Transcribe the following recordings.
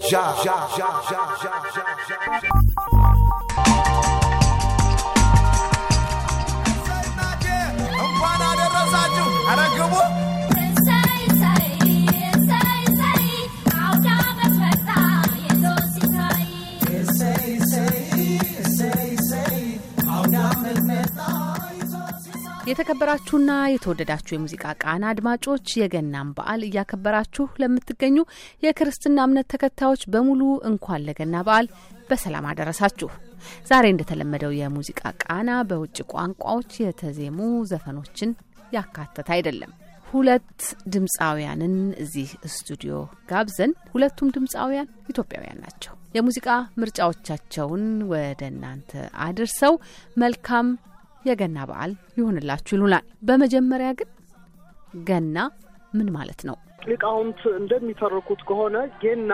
Ja, ja, ja, ja, ja, ja, ja. Sen Naci, Mpana የተከበራችሁና የተወደዳችሁ የሙዚቃ ቃና አድማጮች የገናን በዓል እያከበራችሁ ለምትገኙ የክርስትና እምነት ተከታዮች በሙሉ እንኳን ለገና በዓል በሰላም አደረሳችሁ። ዛሬ እንደተለመደው የሙዚቃ ቃና በውጭ ቋንቋዎች የተዜሙ ዘፈኖችን ያካተተ አይደለም። ሁለት ድምፃውያንን እዚህ ስቱዲዮ ጋብዘን፣ ሁለቱም ድምፃውያን ኢትዮጵያውያን ናቸው። የሙዚቃ ምርጫዎቻቸውን ወደ እናንተ አድርሰው መልካም የገና በዓል ይሁንላችሁ ይሉናል። በመጀመሪያ ግን ገና ምን ማለት ነው? ሊቃውንት እንደሚተርኩት ከሆነ ጌና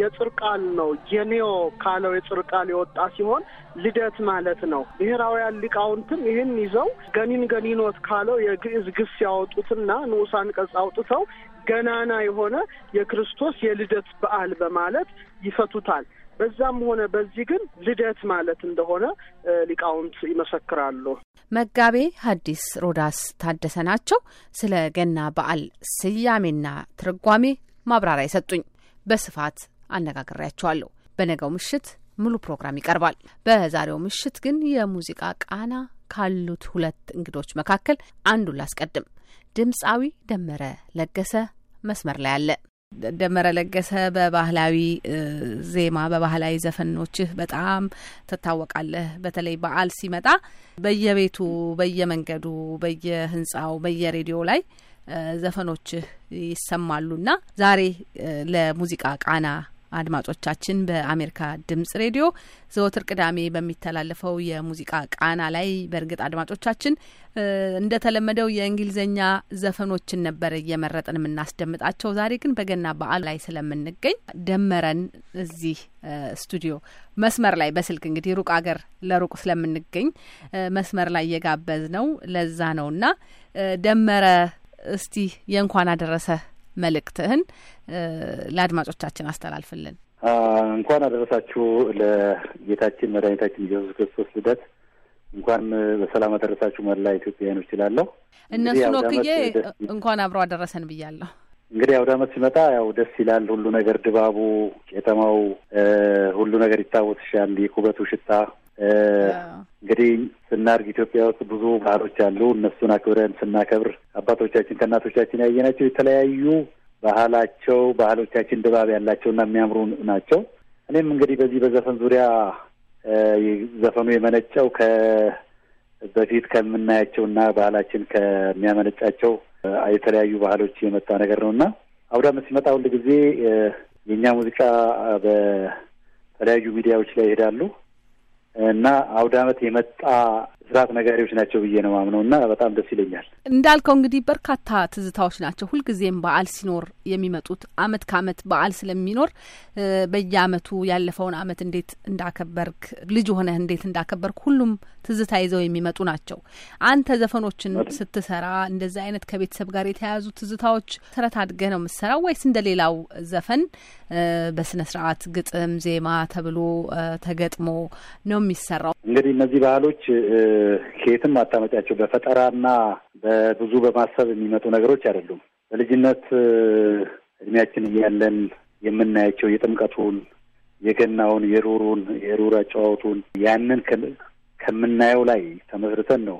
የጽር ቃል ነው። የኔዮ ካለው የጽር ቃል የወጣ ሲሆን ልደት ማለት ነው። ብሔራውያን ሊቃውንትም ይህን ይዘው ገኒን ገኒኖት ካለው የግዕዝ ግስ ያወጡትና ንዑስ አንቀጽ አውጥተው ገናና የሆነ የክርስቶስ የልደት በዓል በማለት ይፈቱታል። በዛም ሆነ በዚህ ግን ልደት ማለት እንደሆነ ሊቃውንት ይመሰክራሉ። መጋቤ ሐዲስ ሮዳስ ታደሰ ናቸው። ስለ ገና በዓል ስያሜና ትርጓሜ ማብራሪያ የሰጡኝ በስፋት አነጋግሬያቸዋለሁ። በነገው ምሽት ሙሉ ፕሮግራም ይቀርባል። በዛሬው ምሽት ግን የሙዚቃ ቃና ካሉት ሁለት እንግዶች መካከል አንዱን ላስቀድም። ድምፃዊ ደመረ ለገሰ መስመር ላይ አለ። ደመረ ለገሰ በባህላዊ ዜማ በባህላዊ ዘፈኖችህ በጣም ትታወቃለህ። በተለይ በዓል ሲመጣ በየቤቱ፣ በየመንገዱ፣ በየህንጻው፣ በየሬዲዮ ላይ ዘፈኖችህ ይሰማሉና ዛሬ ለሙዚቃ ቃና አድማጮቻችን በአሜሪካ ድምጽ ሬዲዮ ዘወትር ቅዳሜ በሚተላለፈው የሙዚቃ ቃና ላይ በእርግጥ አድማጮቻችን እንደተለመደው የእንግሊዝኛ ዘፈኖችን ነበር እየመረጥን የምናስደምጣቸው። ዛሬ ግን በገና በዓል ላይ ስለምንገኝ ደመረን እዚህ ስቱዲዮ መስመር ላይ በስልክ እንግዲህ ሩቅ አገር ለሩቅ ስለምንገኝ መስመር ላይ የጋበዝ ነው ለዛ እና ደመረ እስቲ የእንኳን አደረሰ መልእክትህን ለአድማጮቻችን አስተላልፍልን። እንኳን አደረሳችሁ ለጌታችን መድኃኒታችን ኢየሱስ ክርስቶስ ልደት እንኳን በሰላም አደረሳችሁ መላ ኢትዮጵያውያን እችላለሁ። እነሱ ኖክዬ እንኳን አብሮ አደረሰን ብያለሁ። እንግዲህ አውደ ዓመት ሲመጣ ያው ደስ ይላል ሁሉ ነገር፣ ድባቡ፣ ቄጠማው፣ ሁሉ ነገር ይታወስሻል። የኩበቱ ሽታ እንግዲህ ስናርግ ኢትዮጵያ ውስጥ ብዙ ባህሎች አሉ። እነሱን አክብረን ስናከብር አባቶቻችን ከእናቶቻችን ያየናቸው የተለያዩ ባህላቸው ባህሎቻችን ድባብ እና የሚያምሩ ናቸው። እኔም እንግዲህ በዚህ በዘፈን ዙሪያ ዘፈኑ የመነጨው ከበፊት ከምናያቸው እና ባህላችን ከሚያመነጫቸው የተለያዩ ባህሎች የመጣ ነገር ነው እና አውዳመ ሲመጣ ሁል ጊዜ የእኛ ሙዚቃ በተለያዩ ሚዲያዎች ላይ ይሄዳሉ። እና አውደ ዓመት የመጣ ስርዓት ነጋሪዎች ናቸው ብዬ ነው ማምነው እና በጣም ደስ ይለኛል። እንዳልከው እንግዲህ በርካታ ትዝታዎች ናቸው። ሁልጊዜም በዓል ሲኖር የሚመጡት አመት ከአመት በዓል ስለሚኖር በየአመቱ ያለፈውን አመት እንዴት እንዳከበርክ ልጅ ሆነህ እንዴት እንዳከበርክ ሁሉም ትዝታ ይዘው የሚመጡ ናቸው። አንተ ዘፈኖችን ስትሰራ እንደዚህ አይነት ከቤተሰብ ጋር የተያያዙ ትዝታዎች ስረት አድገህ ነው የምትሰራው ወይስ እንደ ሌላው ዘፈን በስነ ስርዓት ግጥም፣ ዜማ ተብሎ ተገጥሞ ነው የሚሰራው። እንግዲህ እነዚህ ባህሎች ከየትም አታመጫቸው። በፈጠራና በብዙ በማሰብ የሚመጡ ነገሮች አይደሉም። በልጅነት እድሜያችን እያለን የምናያቸው የጥምቀቱን፣ የገናውን፣ የሩሩን፣ የሩር አጨዋወቱን ያንን ከምናየው ላይ ተመስርተን ነው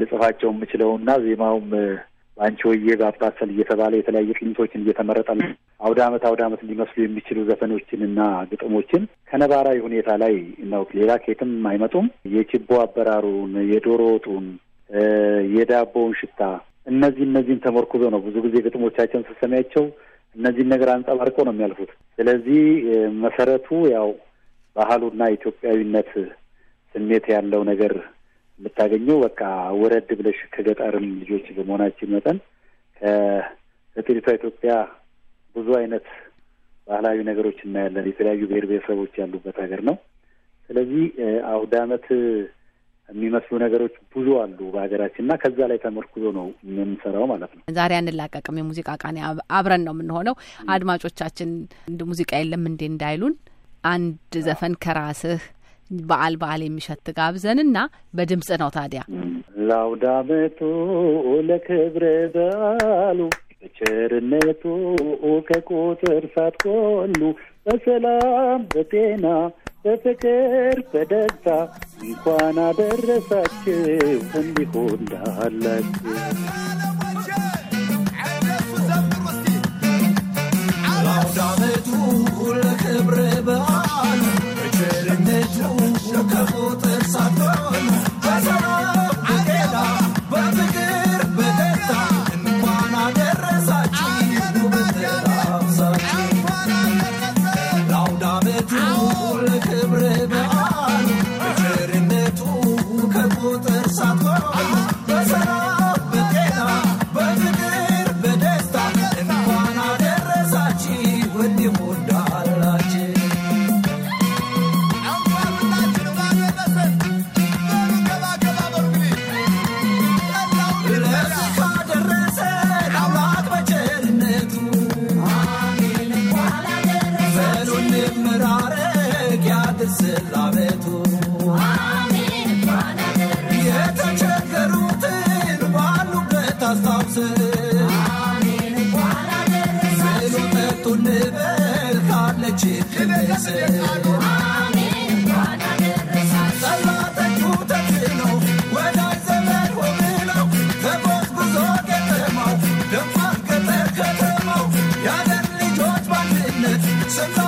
ልጽፋቸው የምችለውና ዜማውም በአንቺ ወዬ በአባሰል እየተባለ የተለያየ ቅኝቶችን እየተመረጠ አውደ አመት አውደ አመት ሊመስሉ የሚችሉ ዘፈኖችንና ግጥሞችን ከነባራዊ ሁኔታ ላይ ነው። ሌላ ኬትም አይመጡም። የችቦ አበራሩን፣ የዶሮ ወጡን፣ የዳቦውን ሽታ እነዚህ እነዚህን ተሞርኩዞ ነው ብዙ ጊዜ ግጥሞቻቸውን ስሰሚያቸው እነዚህን ነገር አንጸባርቀው ነው የሚያልፉት። ስለዚህ መሰረቱ ያው ባህሉና ኢትዮጵያዊነት ስሜት ያለው ነገር የምታገኘው በቃ ወረድ ብለሽ ከገጠርም ልጆች በመሆናችን መጠን ከገጠሪቷ ኢትዮጵያ ብዙ አይነት ባህላዊ ነገሮች እናያለን። የተለያዩ ብሔር ብሔረሰቦች ያሉበት ሀገር ነው። ስለዚህ አውደ አመት የሚመስሉ ነገሮች ብዙ አሉ በሀገራችን እና ከዛ ላይ ተመርኩዞ ነው የምንሰራው ማለት ነው። ዛሬ አንላቀቅም። የሙዚቃ ቃኔ አብረን ነው የምንሆነው። አድማጮቻችን እንደ ሙዚቃ የለም እንዴ እንዳይሉን አንድ ዘፈን ከራስህ በዓል በዓል የሚሸት ጋብዘንና በድምፅ ነው ታዲያ ላውዳመቱ ለክብረ በዓሉ በቸርነቱ ከቁጥር ሳትኮሉ በሰላም በጤና በፍቅር በደስታ እንኳን አደረሳችሁ እንዲሆን ዳላችሁ መራረቅ ያድስላ ቤቱ የተቸገሩትን ባሉበት አስታውሰን ስሉ ጠጡ ንበል ካለችን ልበሰ Sometimes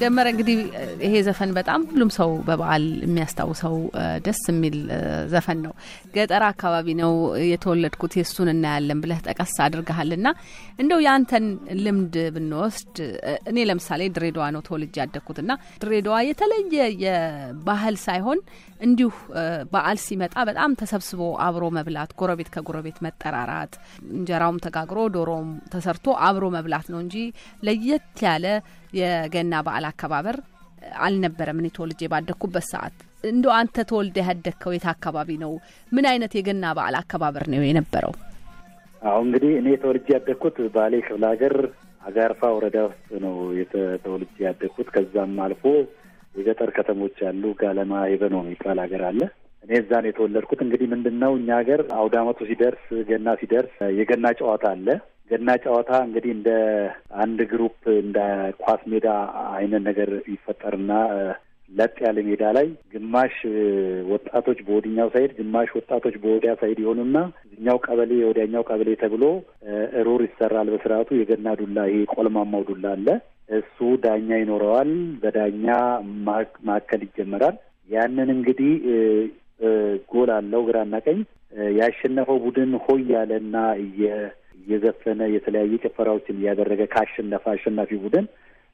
ጀመረ እንግዲህ ይሄ ዘፈን በጣም ሁሉም ሰው በበዓል የሚያስታውሰው ደስ የሚል ዘፈን ነው። ገጠር አካባቢ ነው የተወለድኩት የእሱን እናያለን ብለህ ጠቀስ አድርገሃል ና እንደው የአንተን ልምድ ብንወስድ እኔ ለምሳሌ ድሬዳዋ ነው ተወልጄ ያደግኩት ና ድሬዳዋ የተለየ የባህል ሳይሆን እንዲሁ በዓል ሲመጣ በጣም ተሰብስቦ አብሮ መብላት፣ ጎረቤት ከጎረቤት መጠራራት፣ እንጀራውም ተጋግሮ ዶሮም ተሰርቶ አብሮ መብላት ነው እንጂ ለየት ያለ የገና በዓል አከባበር አልነበረም። እኔ ተወልጄ ባደግኩበት ሰዓት እንደ አንተ ተወልደ ያደግከው የት አካባቢ ነው? ምን አይነት የገና በዓል አከባበር ነው የነበረው? አሁ እንግዲህ እኔ ተወልጄ ያደግኩት ባሌ ክፍለ ሀገር አጋርፋ ወረዳ ውስጥ ነው ተወልጄ ያደግኩት። ከዛም አልፎ የገጠር ከተሞች ያሉ ጋለማ ሄበኖ የሚባል ሀገር አለ። እኔ እዛ ነው የተወለድኩት። እንግዲህ ምንድን ነው እኛ ሀገር አውደ አመቱ ሲደርስ ገና ሲደርስ የገና ጨዋታ አለ። ገና ጨዋታ እንግዲህ እንደ አንድ ግሩፕ እንደ ኳስ ሜዳ አይነት ነገር ይፈጠርና ለጥ ያለ ሜዳ ላይ ግማሽ ወጣቶች በወዲኛው ሳይድ፣ ግማሽ ወጣቶች በወዲያ ሳይድ የሆኑና እዚኛው ቀበሌ ወዲያኛው ቀበሌ ተብሎ እሩር ይሰራል። በስርዓቱ የገና ዱላ ይሄ ቆልማማው ዱላ አለ እሱ ዳኛ ይኖረዋል። በዳኛ ማዕከል ይጀመራል። ያንን እንግዲህ ጎል አለው ግራና ቀኝ ያሸነፈው ቡድን ሆይ ያለና እየዘፈነ የተለያዩ ጭፈራዎችን እያደረገ ካሸነፈ አሸናፊ ቡድን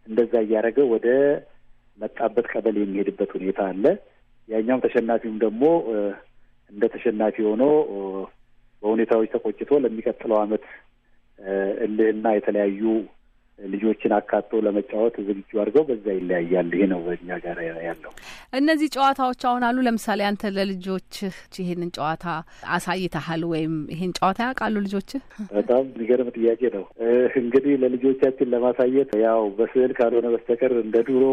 እንደዛ እያደረገ ወደ መጣበት ቀበሌ የሚሄድበት ሁኔታ አለ። ያኛውም ተሸናፊውም ደግሞ እንደ ተሸናፊ ሆኖ በሁኔታዎች ተቆጭቶ ለሚቀጥለው ዓመት እልህና የተለያዩ ልጆችን አካቶ ለመጫወት ዝግጁ አድርገው በዛ ይለያያል ይሄ ነው በእኛ ጋር ያለው። እነዚህ ጨዋታዎች አሁን አሉ። ለምሳሌ አንተ ለልጆችህ ይሄንን ጨዋታ አሳይተሃል ወይም ይሄን ጨዋታ ያውቃሉ ልጆችህ? በጣም የሚገርም ጥያቄ ነው። እንግዲህ ለልጆቻችን ለማሳየት ያው በስዕል ካልሆነ በስተቀር እንደ ድሮ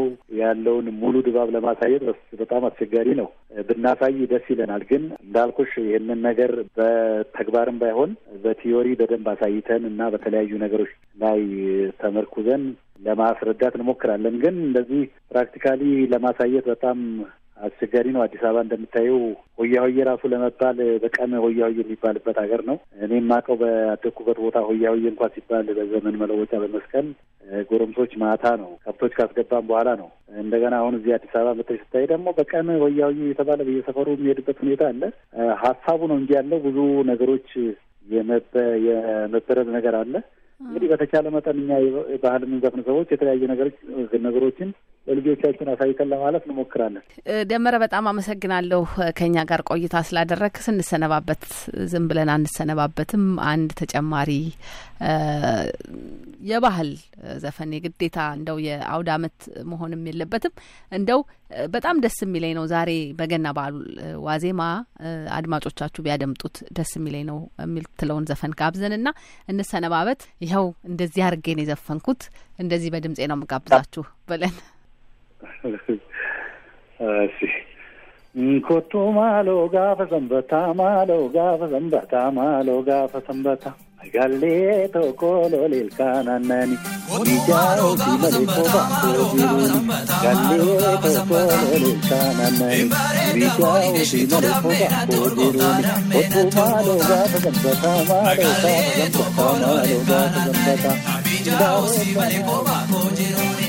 ያለውን ሙሉ ድባብ ለማሳየት በጣም አስቸጋሪ ነው። ብናሳይ ደስ ይለናል። ግን እንዳልኩሽ ይህንን ነገር በተግባርም ባይሆን በቲዮሪ በደንብ አሳይተን እና በተለያዩ ነገሮች ላይ ተመርኩዘን ለማስረዳት እንሞክራለን። ግን እንደዚህ ፕራክቲካሊ ለማሳየት በጣም አስቸጋሪ ነው። አዲስ አበባ እንደምታየው ሆያ ሆዬ ራሱ ለመባል በቀን ሆያ ሆዬ የሚባልበት ሀገር ነው። እኔም ማቀው በአደኩበት ቦታ ሆያ ሆዬ እንኳ ሲባል በዘመን መለወጫ በመስቀል ጎረምሶች ማታ ነው፣ ከብቶች ካስገባም በኋላ ነው። እንደገና አሁን እዚህ አዲስ አበባ መጥተሽ ስታይ ደግሞ በቀን ሆያ ሆዬ የተባለ በየሰፈሩ የሚሄድበት ሁኔታ አለ። ሀሳቡ ነው እንጂ ያለው ብዙ ነገሮች የመበረዝ ነገር አለ። እንግዲህ በተቻለ መጠን እኛ ባህል የምንዘፍን ሰዎች የተለያየ ነገሮች ነገሮችን ለልጆቻችን አሳይተን ለማለት እንሞክራለን። ደመረ በጣም አመሰግናለሁ ከእኛ ጋር ቆይታ ስላደረግ። ስንሰነባበት ዝም ብለን አንሰነባበትም። አንድ ተጨማሪ የባህል ዘፈን የግዴታ እንደው የአውድ አመት መሆንም የለበትም። እንደው በጣም ደስ የሚለኝ ነው ዛሬ በገና በዓል ዋዜማ አድማጮቻችሁ ቢያደምጡት ደስ የሚለኝ ነው የሚልትለውን ዘፈን ጋብዘንና እንሰነባበት። ይኸው እንደዚህ አድርጌን የዘፈንኩት እንደዚህ በድምጼ ነው የምጋብዛችሁ ብለን ኮቱ ማለው ጋፈ ሰንበታ ማለው ጋፈ ሰንበታ ማለው ጋፈ ሰንበታ Gallee tokko loleel kaananani. Ijaaroo fi malee kophaatoo jiru. Gallee tokko loleel kaananani. Ijaaroo fi malee kophaatoo jiru. Otoo maaloo gaafa gambataa maaloo gaafa gambataa maaloo gaafa gambataa. Ijaaroo fi malee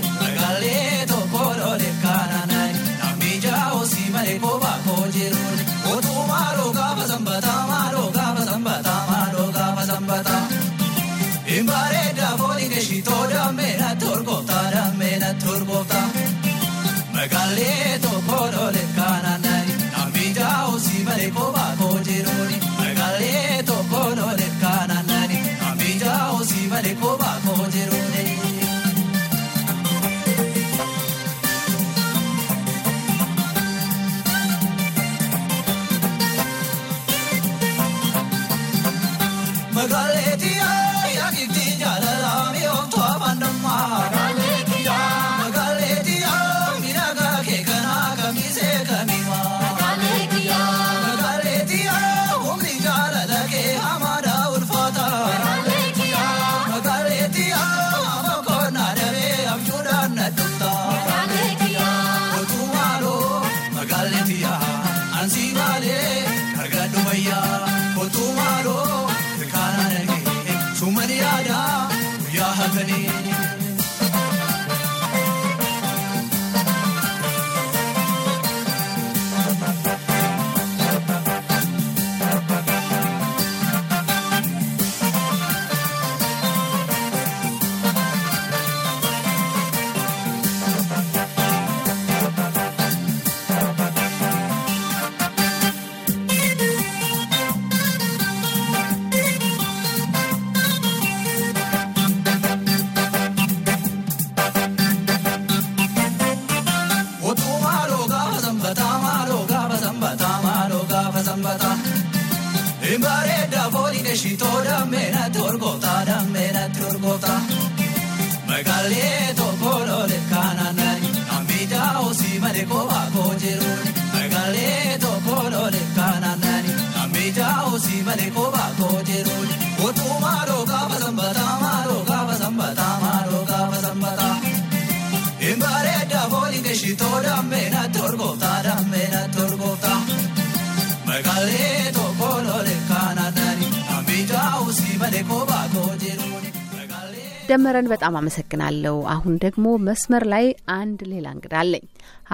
ደመረን በጣም አመሰግናለሁ። አሁን ደግሞ መስመር ላይ አንድ ሌላ እንግዳ አለኝ።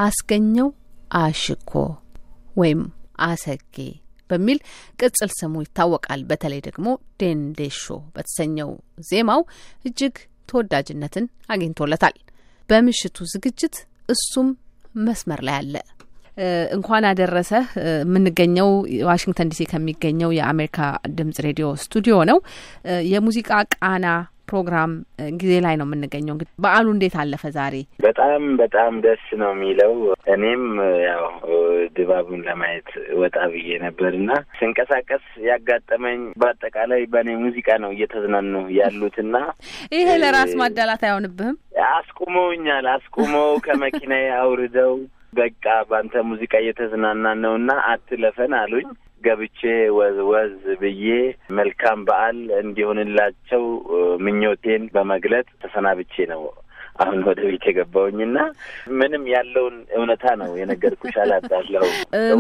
አስገኘው አሽኮ ወይም አሰጌ በሚል ቅጽል ስሙ ይታወቃል። በተለይ ደግሞ ዴንዴሾ በተሰኘው ዜማው እጅግ ተወዳጅነትን አግኝቶለታል። በምሽቱ ዝግጅት እሱም መስመር ላይ አለ። እንኳን አደረሰህ። የምንገኘው ዋሽንግተን ዲሲ ከሚገኘው የአሜሪካ ድምጽ ሬዲዮ ስቱዲዮ ነው። የሙዚቃ ቃና ፕሮግራም ጊዜ ላይ ነው የምንገኘው። እንግዲህ በዓሉ እንዴት አለፈ ዛሬ? በጣም በጣም ደስ ነው የሚለው። እኔም ያው ድባቡን ለማየት ወጣ ብዬ ነበር እና ስንቀሳቀስ ያጋጠመኝ በአጠቃላይ በእኔ ሙዚቃ ነው እየተዝናኑ ያሉትና ይሄ ለራስ ማዳላት አይሆንብህም። አስቁመውኛል። አስቁመው ከመኪናዬ አውርደው በቃ በአንተ ሙዚቃ እየተዝናና ነው እና አትለፈን አሉኝ። ገብቼ ወዝ ወዝ ብዬ መልካም በዓል እንዲሆንላቸው ምኞቴን በመግለጽ ተሰናብቼ ነው አሁን ወደ ቤት የገባውኝ የገባውኝና ምንም ያለውን እውነታ ነው የነገርኩሽ። አላጣለሁ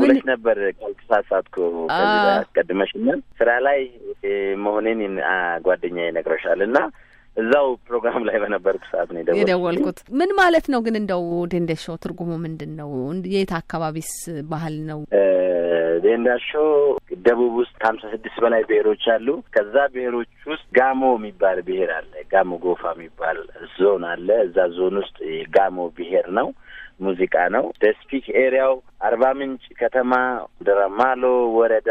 ውለሽ ነበር ካልተሳሳትኩ አስቀድመሽናል ስራ ላይ መሆኔን ጓደኛዬ ይነግረሻል እና እዛው ፕሮግራም ላይ በነበርኩ ሰዓት ነው የደወልኩት። ምን ማለት ነው ግን እንደው ዴንዴሾ ትርጉሙ ምንድን ነው? የት አካባቢስ ባህል ነው ዴንዳሾ? ደቡብ ውስጥ ከሀምሳ ስድስት በላይ ብሔሮች አሉ። ከዛ ብሔሮች ውስጥ ጋሞ የሚባል ብሔር አለ። ጋሞ ጎፋ የሚባል ዞን አለ። እዛ ዞን ውስጥ የጋሞ ብሔር ነው። ሙዚቃ ነው። ደስፒክ ኤሪያው አርባ ምንጭ ከተማ፣ ደራማሎ ወረዳ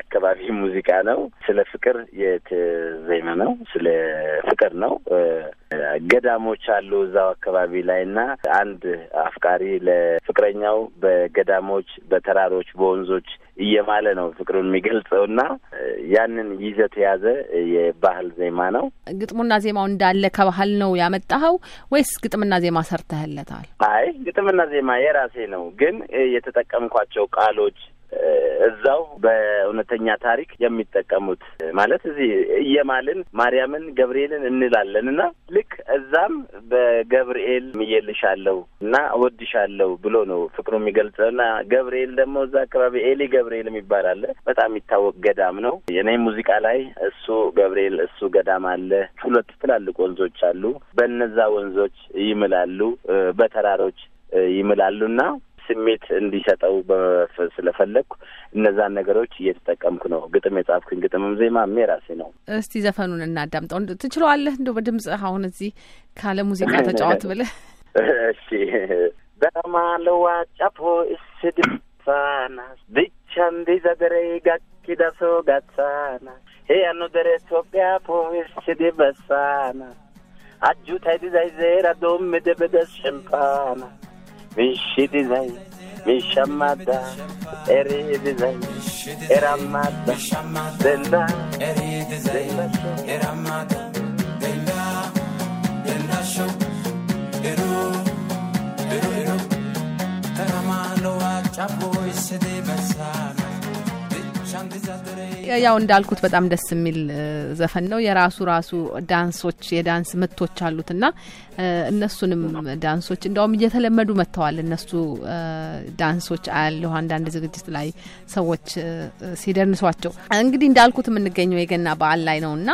አካባቢ ሙዚቃ ነው። ስለ ፍቅር የተዜመ ነው። ስለ ፍቅር ነው። ገዳሞች አሉ እዛው አካባቢ ላይ እና አንድ አፍቃሪ ለፍቅረኛው በገዳሞች፣ በተራሮች፣ በወንዞች እየማለ ነው ፍቅሩን የሚገልጸው እና ያንን ይዘት የያዘ የባህል ዜማ ነው። ግጥሙና ዜማው እንዳለ ከባህል ነው ያመጣኸው ወይስ ግጥምና ዜማ ሰርተህለታል? አይ ግጥምና ዜማ የራሴ ነው፣ ግን የተጠቀምኳቸው ቃሎች እዛው በእውነተኛ ታሪክ የሚጠቀሙት ማለት እዚህ እየማልን ማርያምን ገብርኤልን እንላለን እና ልክ እዛም በገብርኤል ምዬልሻለሁ እና እወድሻለሁ ብሎ ነው ፍቅሩ የሚገልጸው እና ገብርኤል ደግሞ እዛ አካባቢ ኤሊ ገብርኤል የሚባል አለ። በጣም የሚታወቅ ገዳም ነው። የኔ ሙዚቃ ላይ እሱ ገብርኤል እሱ ገዳም አለ። ሁለት ትላልቅ ወንዞች አሉ። በነዛ ወንዞች ይምላሉ፣ በተራሮች ይምላሉና ስሜት እንዲሰጠው ስለፈለግኩ እነዛን ነገሮች እየተጠቀምኩ ነው። ግጥም የጻፍኩኝ ግጥምም ዜማ የራሴ ነው። እስቲ ዘፈኑን እናዳምጠው። ትችለዋለህ? እንደ በድምጽ አሁን እዚህ ካለ ሙዚቃ ተጫወት ብለህ እሺ በማለዋ ጫፎ እስድፋና ብቻ እንዲዘገረይ ዘገሬ ጋኪዳሶ ጋሳና ሄያኑ ደረ ኢትዮጵያ ፖስድ በሳና አጁ ታይዲዛይዜራ ዶምድብደስ ሽምፋና era era Mishidizai, Mishamada, Eridizai, Eramada, Denda, Eridizai, Eramada, Denda, Denda Show, Eru, Eru, Eru, Taramalo, Chapo, Isidibasa, ያው እንዳልኩት በጣም ደስ የሚል ዘፈን ነው። የራሱ ራሱ ዳንሶች የዳንስ ምቶች አሉት እና እነሱንም ዳንሶች እንደውም እየተለመዱ መጥተዋል። እነሱ ዳንሶች አያለሁ አንዳንድ ዝግጅት ላይ ሰዎች ሲደንሷቸው። እንግዲህ እንዳልኩት የምንገኘው የገና በዓል ላይ ነው እና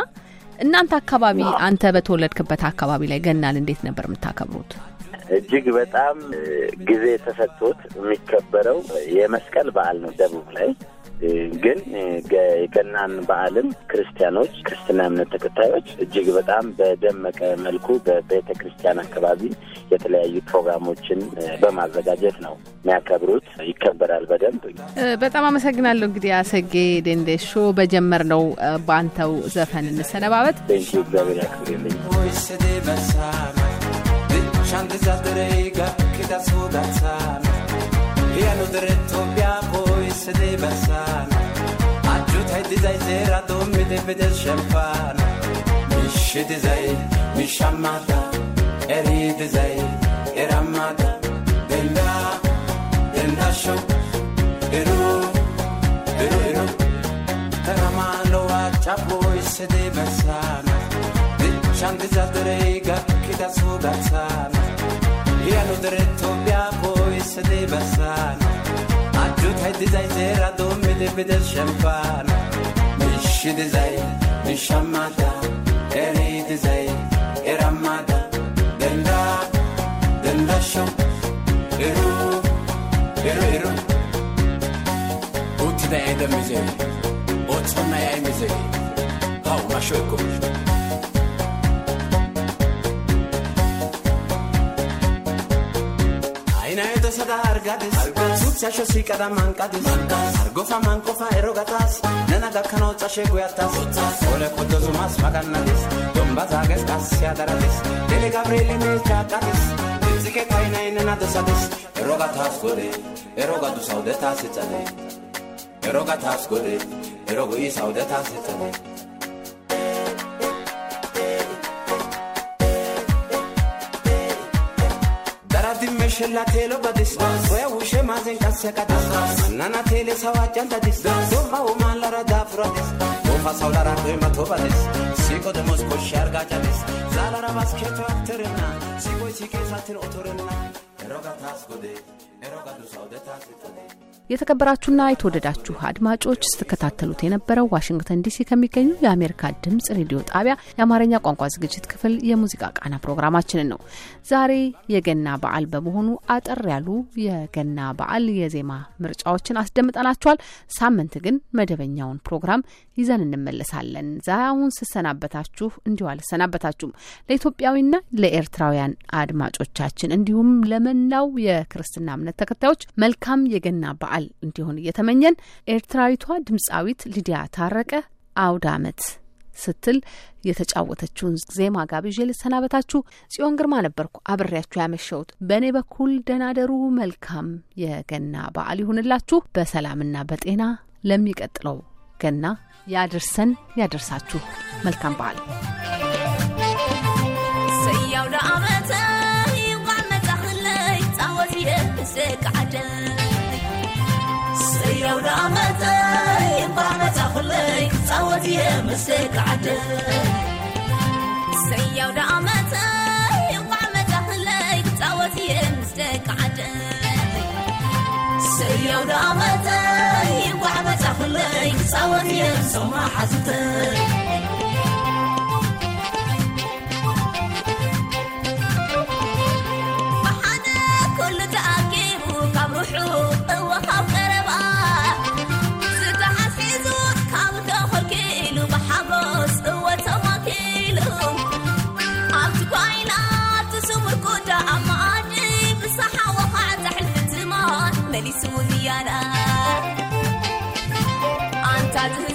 እናንተ አካባቢ አንተ በተወለድክበት አካባቢ ላይ ገናን እንዴት ነበር የምታከብሩት? እጅግ በጣም ጊዜ ተሰጥቶት የሚከበረው የመስቀል በዓል ነው ደቡብ ላይ ግን የገናን በዓልን ክርስቲያኖች፣ ክርስትና እምነት ተከታዮች እጅግ በጣም በደመቀ መልኩ በቤተ ክርስቲያን አካባቢ የተለያዩ ፕሮግራሞችን በማዘጋጀት ነው የሚያከብሩት። ይከበራል በደንብ። በጣም አመሰግናለሁ። እንግዲህ አሰጌ ዴንዴሾ በጀመር ነው በአንተው ዘፈን እንሰነባበት። ንዩ እግዚአብሔር ያክብርልኝ። Shanti Saturday, got Kita Sudan San. Here no sidii barsaan adduutay dizay seera doommidi fides shempaan mishi dizay mishammaata erii dizay erammaata dendaa dendaasho iruu iru iru taramaan lowaa caboo isidii barsaan bichaan diza duree gakkida suudhaksaan yaanu dere toophiyaa boo'isidii barsaan. هدي زي زيرة دوم بدي بدي الشمبان مش دي زي مش همدا اريد زي ارمدا دلا دلا شو ارو ارو ارو اوتي دا ايدا مزي اوتي ما يا مزي هاو ما شوكوش გადადეს და არ გადადეს ცუცაშო სიკადა მანკადეს გოფა მანკოფა ეროგათას ნანა გაქანო წაშე გუათას ოლე ფოტოზ მას მაგანადეს დომბაზაგეს გასია დარადეს დელე გაბრიელი მე ჩაკადეს ზიკე კაინა ინენა დასადეს ეროგათას გორე ეროგადუსავდეთ ასე წადე ეროგათას გორე ეროგი ისავდეთ ასე წადე shella telo badis we u she mazen kasya katas nana tele sawa janda dis do ma o ma la rada fro dis o fa saw la rada ma to badis siko de mos ko shar ga ta dis za la ra bas ke to terna siko ti ke sa ten otorna ero ga tas ko de ero ga du sa de tas ko de የተከበራችሁና የተወደዳችሁ አድማጮች ስትከታተሉት የነበረው ዋሽንግተን ዲሲ ከሚገኙ የአሜሪካ ድምጽ ሬዲዮ ጣቢያ የአማርኛ ቋንቋ ዝግጅት ክፍል የሙዚቃ ቃና ፕሮግራማችንን ነው። ዛሬ የገና በዓል በመሆኑ አጠር ያሉ የገና በዓል የዜማ ምርጫዎችን አስደምጠናችኋል። ሳምንት ግን መደበኛውን ፕሮግራም ይዘን እንመለሳለን። አሁን ስሰናበታችሁ እንዲሁ አልሰናበታችሁም። ለኢትዮጵያዊና ለኤርትራውያን አድማጮቻችን እንዲሁም ለመላው የክርስትና እምነት ተከታዮች መልካም የገና በዓል በዓል እንዲሆን እየተመኘን ኤርትራዊቷ ድምፃዊት ሊዲያ ታረቀ አውድ አመት ስትል የተጫወተችውን ዜማ ጋብዤ ልሰናበታችሁ። ጽዮን ግርማ ነበርኩ አብሬያችሁ ያመሸሁት። በእኔ በኩል ደናደሩ መልካም የገና በዓል ይሁንላችሁ። በሰላምና በጤና ለሚቀጥለው ገና ያድርሰን ያደርሳችሁ። መልካም በዓል ሰያው ለዓመተ ይዋመጣኽለይ ፃወት የሰ ብለይ ክፃወት እየ መስተይ ክዓደ ሰያው ዳኣመተ ይቋዕ መታ ክለይ ክፃወት እየ ምስደይ ክዓደ ሰያው ዳኣመተ ይቋዕ መታ ክለይ ክፃወት እየ ሰማ ሓዝተይ Beni Antalya'sı Antalya'sı